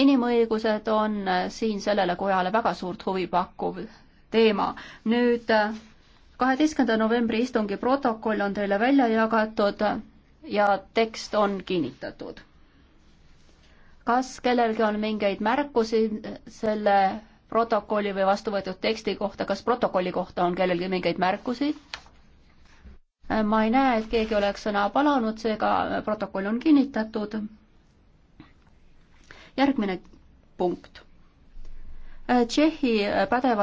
inimõigused on äh, siin sellele kojale väga suurt huvi pakkuv teema. nüüd äh, kaheteistkümnenda novembri istungi protokoll on teile välja jagatud ja tekst on kinnitatud. kas kellelgi on mingeid märkusi äh, selle protokolli või vastu võetud teksti kohta, kas protokolli kohta on kellelgi mingeid märkusi? ma ei näe, et keegi oleks sõna palunud, seega protokoll on kinnitatud järgmine punkt. Tšehhi pädevad